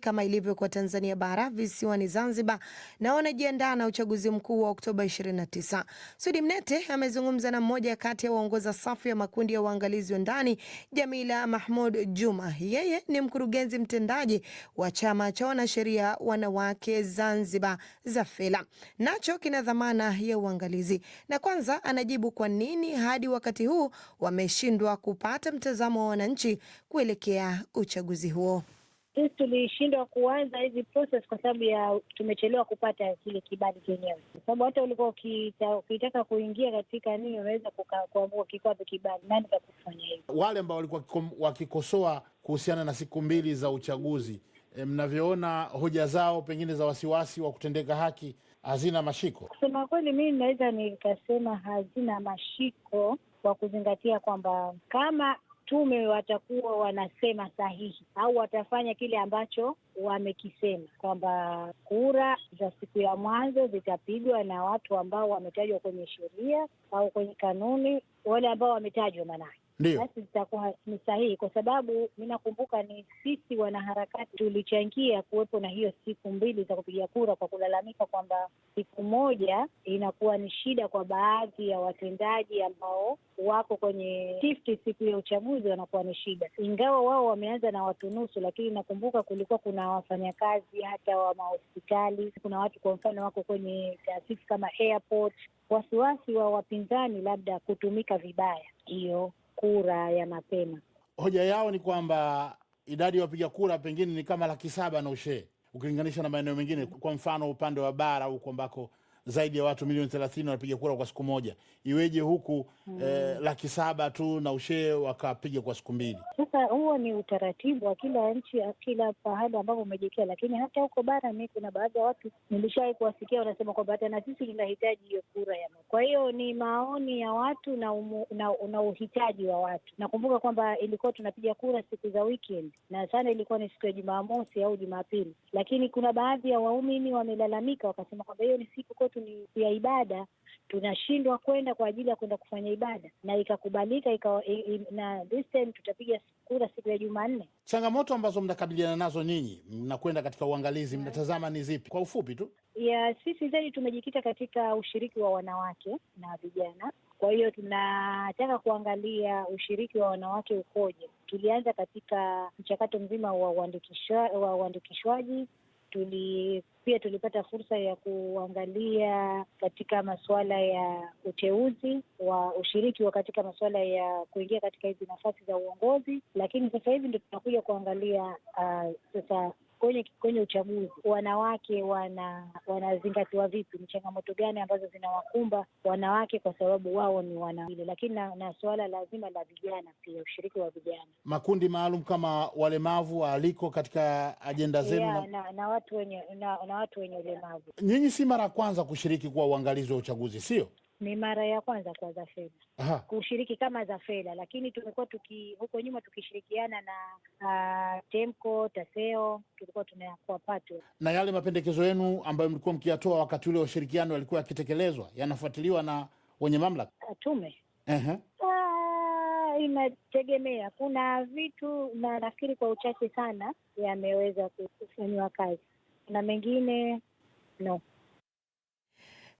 Kama ilivyo kwa Tanzania bara visiwani Zanzibar na wanajiandaa na uchaguzi mkuu wa Oktoba 29. Sudi Mnete amezungumza na mmoja kati ya waongoza safu ya makundi ya uangalizi wa ndani Jamila Mahmoud Juma. Yeye ni mkurugenzi mtendaji wa chama cha wanasheria wanawake Zanzibar ZAFELA, nacho kina dhamana ya uangalizi, na kwanza anajibu kwa nini hadi wakati huu wameshindwa kupata mtazamo wa wananchi kuelekea uchaguzi huo sisi tulishindwa kuanza hizi process kwa sababu ya tumechelewa kupata kile kibali chenyewe, kwa sababu hata ulikuwa ukitaka kuingia katika nini unaweza kuamua kikwape kibali nani za kufanya Wale ambao walikuwa wakikosoa kuhusiana na siku mbili za uchaguzi e, mnavyoona hoja zao pengine za wasiwasi wa kutendeka haki hazina mashiko? Kusema kweli, mimi naweza nikasema hazina mashiko kwa kuzingatia kwamba kama mitume watakuwa wanasema sahihi au watafanya kile ambacho wamekisema kwamba kura za siku ya mwanzo zitapigwa na watu ambao wametajwa kwenye sheria au kwenye kanuni, wale ambao wametajwa maanake ndio basi zitakuwa ni sahihi, kwa sababu mi nakumbuka ni sisi wanaharakati tulichangia kuwepo na hiyo siku mbili za kupiga kura kwa kulalamika kwamba siku moja inakuwa ni shida kwa baadhi ya watendaji ambao wako kwenye shifti siku ya uchaguzi, wanakuwa ni shida, ingawa wao wameanza na watu nusu, lakini nakumbuka kulikuwa kuna wafanyakazi hata wa mahospitali, kuna watu kwa mfano wako kwenye taasisi kama airport, wasiwasi wa wapinzani labda kutumika vibaya hiyo kura ya mapema. Hoja yao ni kwamba idadi ya wapiga kura pengine ni kama laki saba na ushee ukilinganisha na maeneo mengine, kwa mfano upande wa bara huko ambako zaidi ya watu milioni thelathini wanapiga kura kwa siku moja, iweje huku mm. eh, laki saba tu na ushee wakapiga kwa siku mbili? Sasa huo ni utaratibu wa kila nchi, kila pahali ambapo umejekea lakini hata huko bara mi kuna baadhi ya watu nilishawai kuwasikia wanasema kwamba hata na sisi tunahitaji hiyo kura ya Kwa hiyo ni maoni ya watu na, umu, na, na uhitaji wa watu. Nakumbuka kwamba ilikuwa tunapiga kura siku za weekend na sana ilikuwa ni siku ya Jumamosi au Jumapili, lakini kuna baadhi ya waumini wamelalamika wakasema kwamba hiyo ni siku kwetu yetu ni ya ibada tunashindwa kwenda kwa ajili ya kwenda kufanya ibada na ikakubalika ika, na this time tutapiga kura siku ya Jumanne. Changamoto ambazo mnakabiliana nazo nyinyi, mnakwenda katika uangalizi, mnatazama ni zipi kwa ufupi tu? Ya sisi zaidi tumejikita katika ushiriki wa wanawake na vijana, kwa hiyo tunataka kuangalia ushiriki wa wanawake ukoje. Tulianza katika mchakato mzima wa uandikishwaji wa tuli pia tulipata fursa ya kuangalia katika masuala ya uteuzi wa ushiriki wa katika masuala ya kuingia katika hizi nafasi za uongozi, lakini sasa hivi ndo tunakuja kuangalia uh, sasa kwenye, kwenye uchaguzi wanawake wana wanazingatiwa vipi? Ni changamoto gani ambazo zinawakumba wanawake kwa sababu wao ni wanawake? Lakini na, na suala lazima la vijana pia, ushiriki wa vijana, makundi maalum kama walemavu waaliko katika ajenda zenu yeah, na... Na, na watu wenye na, na watu wenye ulemavu. Nyinyi si mara ya kwanza kushiriki kwa uangalizi wa uchaguzi, sio? ni mara ya kwanza kwa Zafela kushiriki kama Zafela, lakini tumekuwa tuki huko nyuma tukishirikiana na uh, Temco Taseo, tulikuwa tunakuwa pato. Na yale mapendekezo yenu ambayo mlikuwa mkiyatoa wakati ule wa ushirikiano yalikuwa yakitekelezwa, yanafuatiliwa na wenye mamlaka ah, tume? uh-huh. Inategemea, kuna vitu na nafikiri kwa uchache sana yameweza kufanyiwa kazi na mengine no.